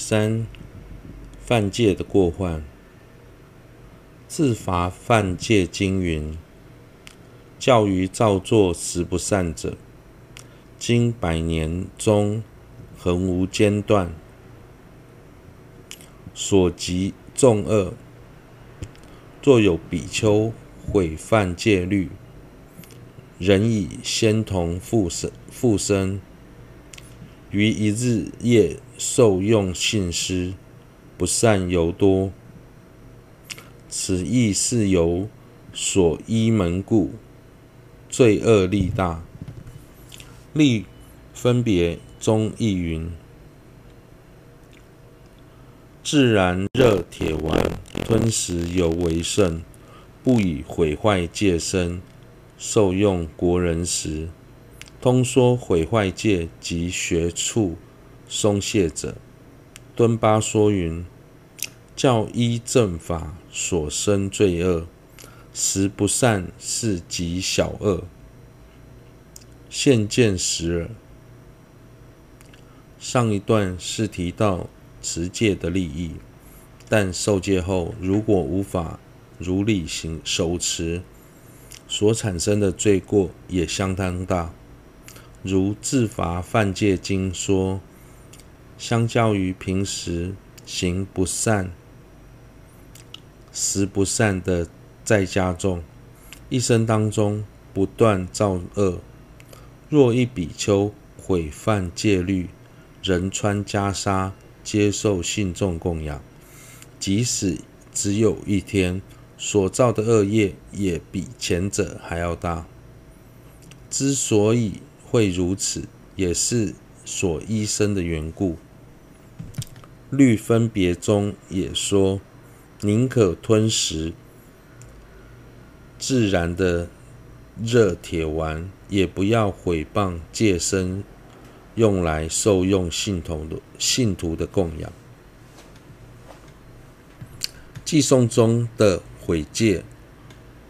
三、犯戒的過患，自罰犯戒經云：教於造作十不善者，經百年中恆無間斷，所及眾惡，若有比丘毀犯戒律，人以仙童復復生。復生於一日夜受用信施，不善尤多，此亦是由所依門故，罪惡力大。律分別中亦云：自然熱鐵丸吞食猶為勝，不以毀壞戒身，受用國人食通說毀壞戒及學處鬆懈者，敦巴說云：教依正法所生罪惡，十不善是極小惡，現見實爾。上一段是提到持戒的利益，但受戒後如果無法如理行守持，所產生的罪過也相當大。如自罰犯戒經說，相較於平時行不善、十不善的在家眾，一生當中不斷造惡。若一比丘毀犯戒律，仍穿袈裟接受信眾供養，即使只有一天所造的惡業，也比前者還要大。之所以，會如此，也是所依生的緣故。律分別中也說，寧可吞食自然的熱鐵丸，也不要毀謗戒身，用來受用信徒的信徒的供養。寄送中的毀戒，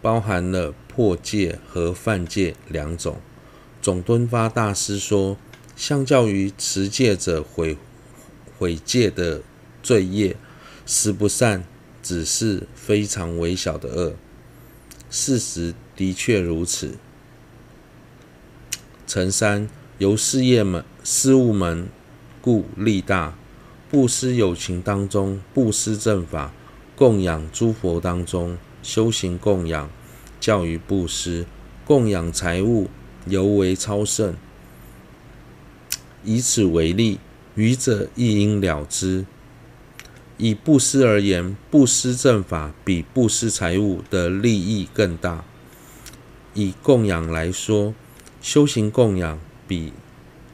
包含了破戒和犯戒兩種。總敦發大師說，相較於持戒者毀毀戒的罪業，十不善只是非常微小的惡。事實的確如此。辰三，由事業門、事務門，故力大。布施友情當中，布施正法，供養諸佛當中，修行供養，教育布施，供養財物。尤為超勝。以此為例，餘者亦應了之。以布施而言，布施正法比布施財物的利益更大。以供養來說，修行供養比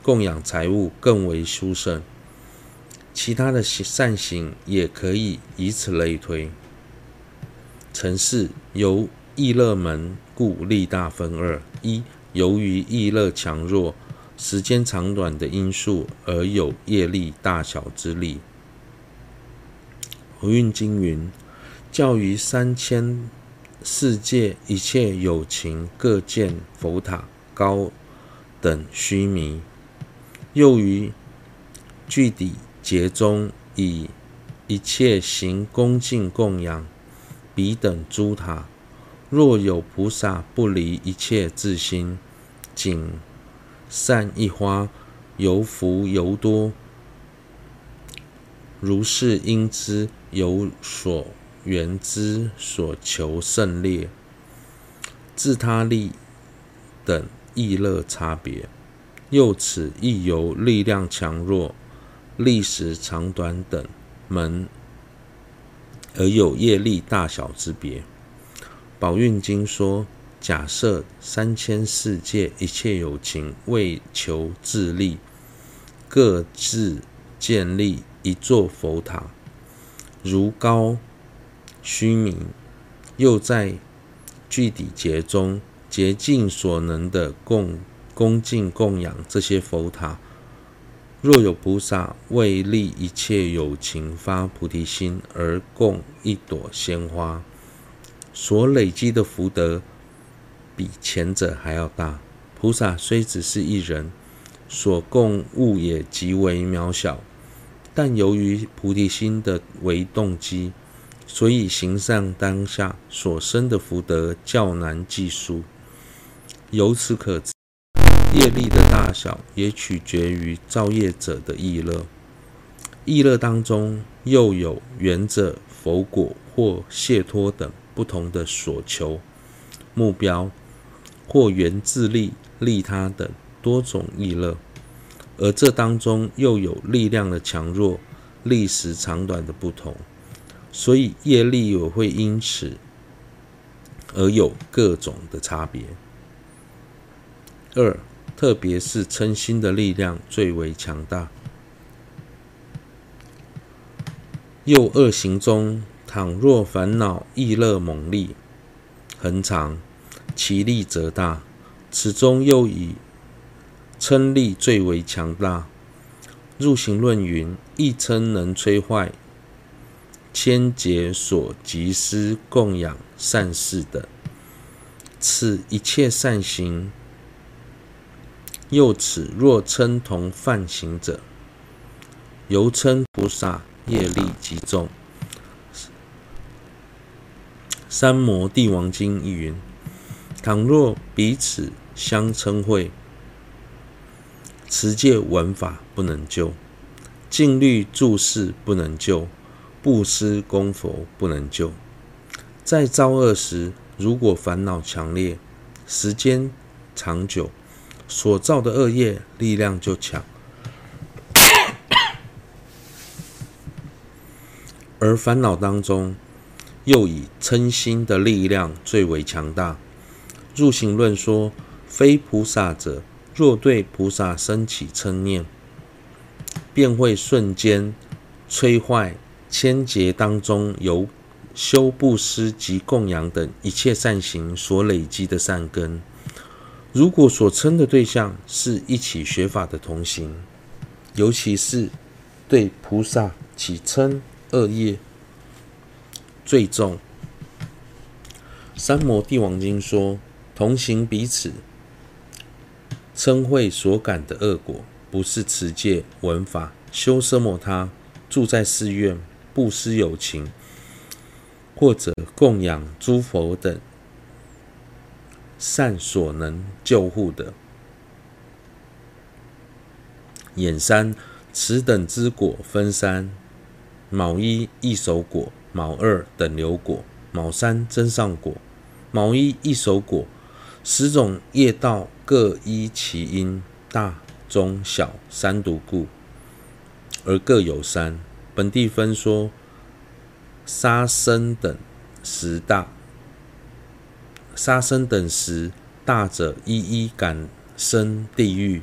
供養財物更為殊勝。其他的善行也可以以此類推。辰四由意樂門，故力大分二一，由於意樂強弱、時間長短的因素，而有業力大小之力。《運經》云：“教於三千世界一切有情，各建佛塔高等須彌；又於俱胝劫中，以一切行恭敬供養彼等諸塔。若有菩薩不離一切智心。”僅善一花，猶福猶多。如是因之，由所緣之所求勝劣、自他利等意樂差別。又此亦由力量強弱、歷時長短等門，而有業力大小之別。寶蘊經說假設三千世界一切有情為求自利，各自建立一座佛塔，如高須彌，又在俱胝劫中竭盡所能的供恭敬供養這些佛塔。若有菩薩為利一切有情發菩提心而供一朵鮮花，所累積的福德。比前者還要大。菩薩雖只是一人，所供物也極為渺小，但由於菩提心的為動機，所以行善當下所生的福德較難計數。由此可知，業力的大小也取決於造業者的意樂。意樂當中又有緣者、佛果或解脫等不同的所求目標。或源自利、利他等多種意樂，而這當中又有力量的強弱、歷時長短的不同，所以業力也會因此而有各種的差別。二，特別是嗔心的力量最為強大。又惡行中，倘若煩惱意樂猛利、恆長。其力則大，此中又以瞋力最為強大。入行論云：一瞋能摧壞千劫所集、施供養善逝等，此一切善行。又此若瞋同梵行者，尤瞋菩薩業力極重。三摩地王經一云。倘若彼此相稱會，持戒聞法不能救，淨律注釋不能救，布施供佛不能救。在造惡時，如果煩惱強烈，時間長久，所造的惡業力量就強。 而煩惱當中，又以嗔心的力量最為強大。入行論說，非菩薩者，若對菩薩生起瞋念，便會瞬間摧壞千劫當中由修布施及供養等一切善行所累積的善根。如果所瞋的對象是一起學法的同行，尤其是對菩薩起瞋惡業最重。三摩地王經說。同行彼此稱會所感的惡果，不是持戒、聞法、修奢摩他、住在寺院、布施有情，或者供養諸佛等善所能救護的。寅三，此等之果分三：卯一異熟果，卯二等流果，卯三增上果。卯一異熟果。十種業道各依其因，大、中、小三毒故，而各有三。本地分說，殺生等十大，殺生等十大者，一一感生地獄；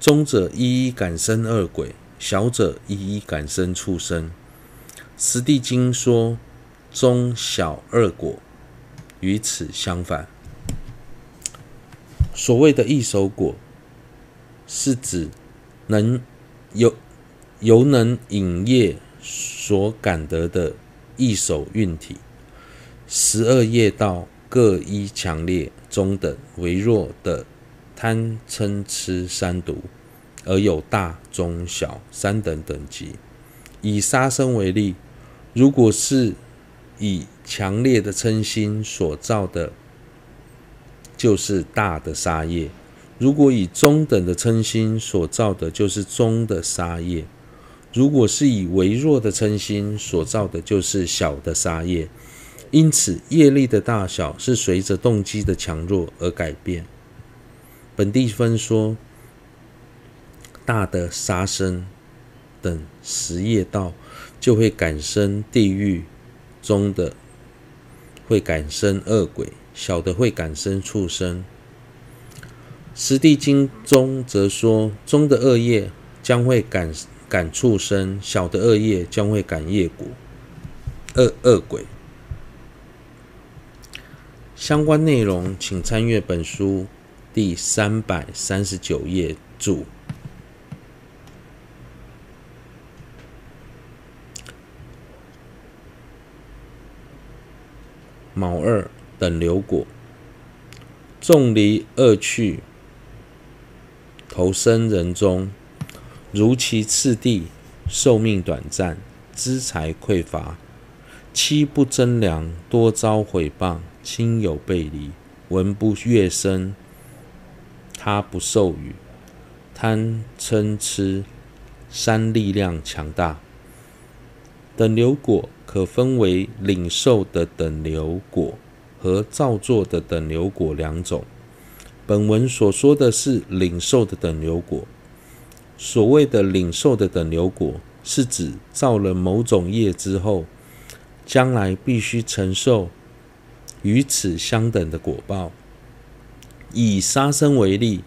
中者，一一感生惡鬼；小者，一一感生畜生。《十地經》說，中小二果與此相反。所謂的異熟果，是指能由由能引業所感得的異熟運體。十二業道各依強烈、中等、微弱的貪、嗔、痴三毒，而有大、中、小三等等級。以殺生為例，如果是以強烈的嗔心所造的。就是大的殺業，如果以中等的瞋心所造的，就是中的殺業；如果是以微弱的瞋心所造的，就是小的殺業。因此，業力的大小是隨着動機的強弱而改變。本地分說，大的殺生等十業道，就會感生地獄中的，會感生惡鬼。小的會感生畜生，《十地經》中則說，中的惡業將會感感畜生，小的惡業將會感餓鬼，餓餓鬼。相關內容請參閱本書第三百三十九頁注。卯二。等流果，重離惡趣，投身人中，如其次第，壽命短暫，資財匱乏，妻不貞良，多遭毀謗，親友背離，聞不悅聲，他不授予，貪嗔痴，三力量強大。等流果可分為領受的等流果。和造作的等流果兩種。本文所說的是領受的等流果。所謂的領受的等流果，是指造了某種業之後，將來必須承受與此相等的果報。以殺生為例，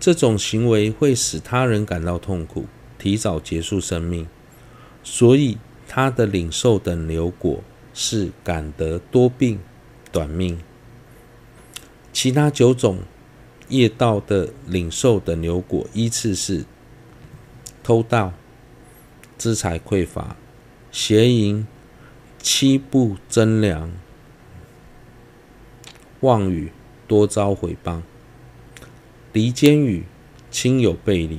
這種行為會使他人感到痛苦，提早結束生命，所以他的領受等流果是感得多病。短命，其他九種業道的領受的牛果，依次是偷盜、資財匱乏、邪淫、妻不貞良、妄語多遭毀謗、離間語、親友背離、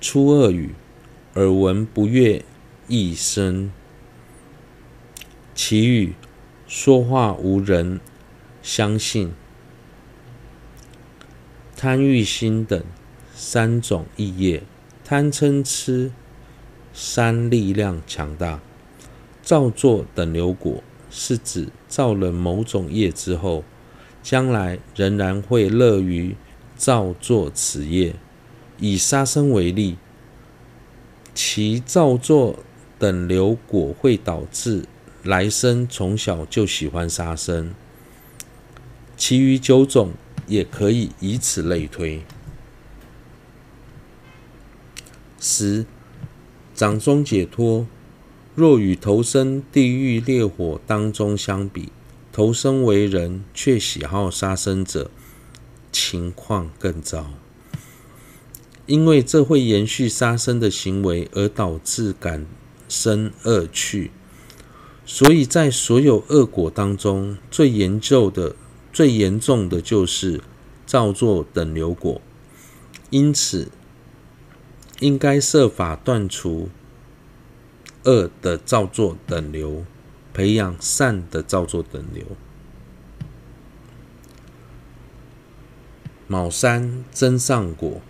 粗惡語、耳聞不悅意聲、綺語。說話無人相信、貪欲心等三種意業，貪嗔痴三力量強大，造作等流果是指造了某種業之後，將來仍然會樂於造作此業。以殺生為例，其造作等流果會導致。來生從小就喜歡殺生，其餘九種也可以以此類推。十，掌中解脫。若與投身地獄烈火當中相比，投身為人卻喜好殺生者，情況更糟，因為這會延續殺生的行為，而導致感生惡趣。所以在所有惡果當中，最嚴重的，最嚴重的就是造作等流果。因此，應該設法斷除惡的造作等流，培養善的造作等流。卯三增上果，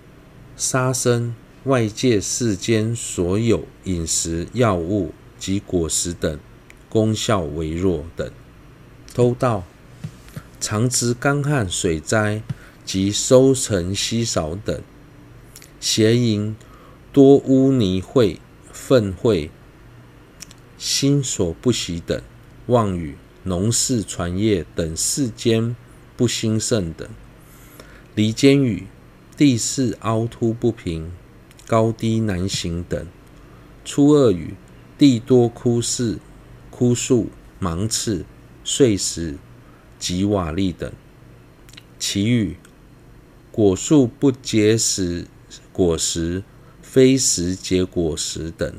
殺生、外界世間所有飲食、藥物及果實等。功效微弱等；偷盜；常值乾旱、水災及收成稀少等；邪淫；多污泥穢、糞穢；心所不喜等；妄語；農事、傳業等世間不興盛等；離間語；地勢凹凸不平，高低難行等；粗惡語；地多枯死。枯樹、芒刺、碎石及瓦礫等；其餘，果樹不結實，果實非實結果實等；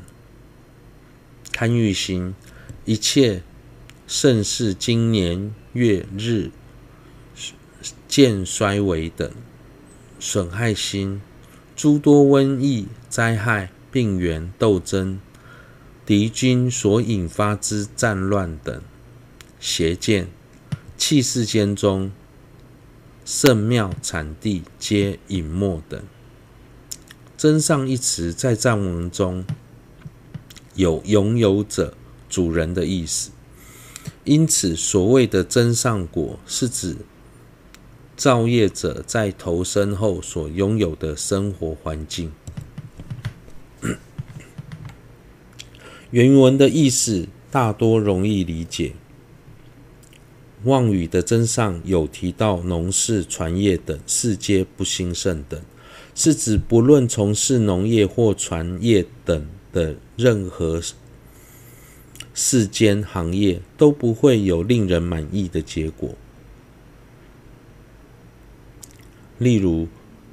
貪欲心，一切盛世今年月日漸衰微等；損害心，諸多瘟疫、災害、病源鬥爭。敵軍所引發之戰亂等，邪見、器世間中、聖廟產地皆隱沒等。增上一詞在藏文中，有擁有者、主人的意思。因此，所謂的增上果，是指造業者在投生後所擁有的生活環境。原文的意思大多容易理解。妄語的增上有提到農事、船業等，世間不興盛等，是指不論從事農業或船業等的任何世間行業，都不會有令人滿意的結果。例如，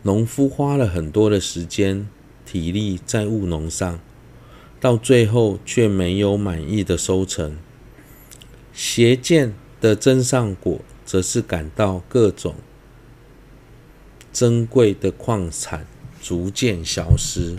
農夫花了很多的時間、體力在務農上。到最後卻沒有滿意的收成，邪見的增上果，則是感到各種珍貴的礦產逐漸消失。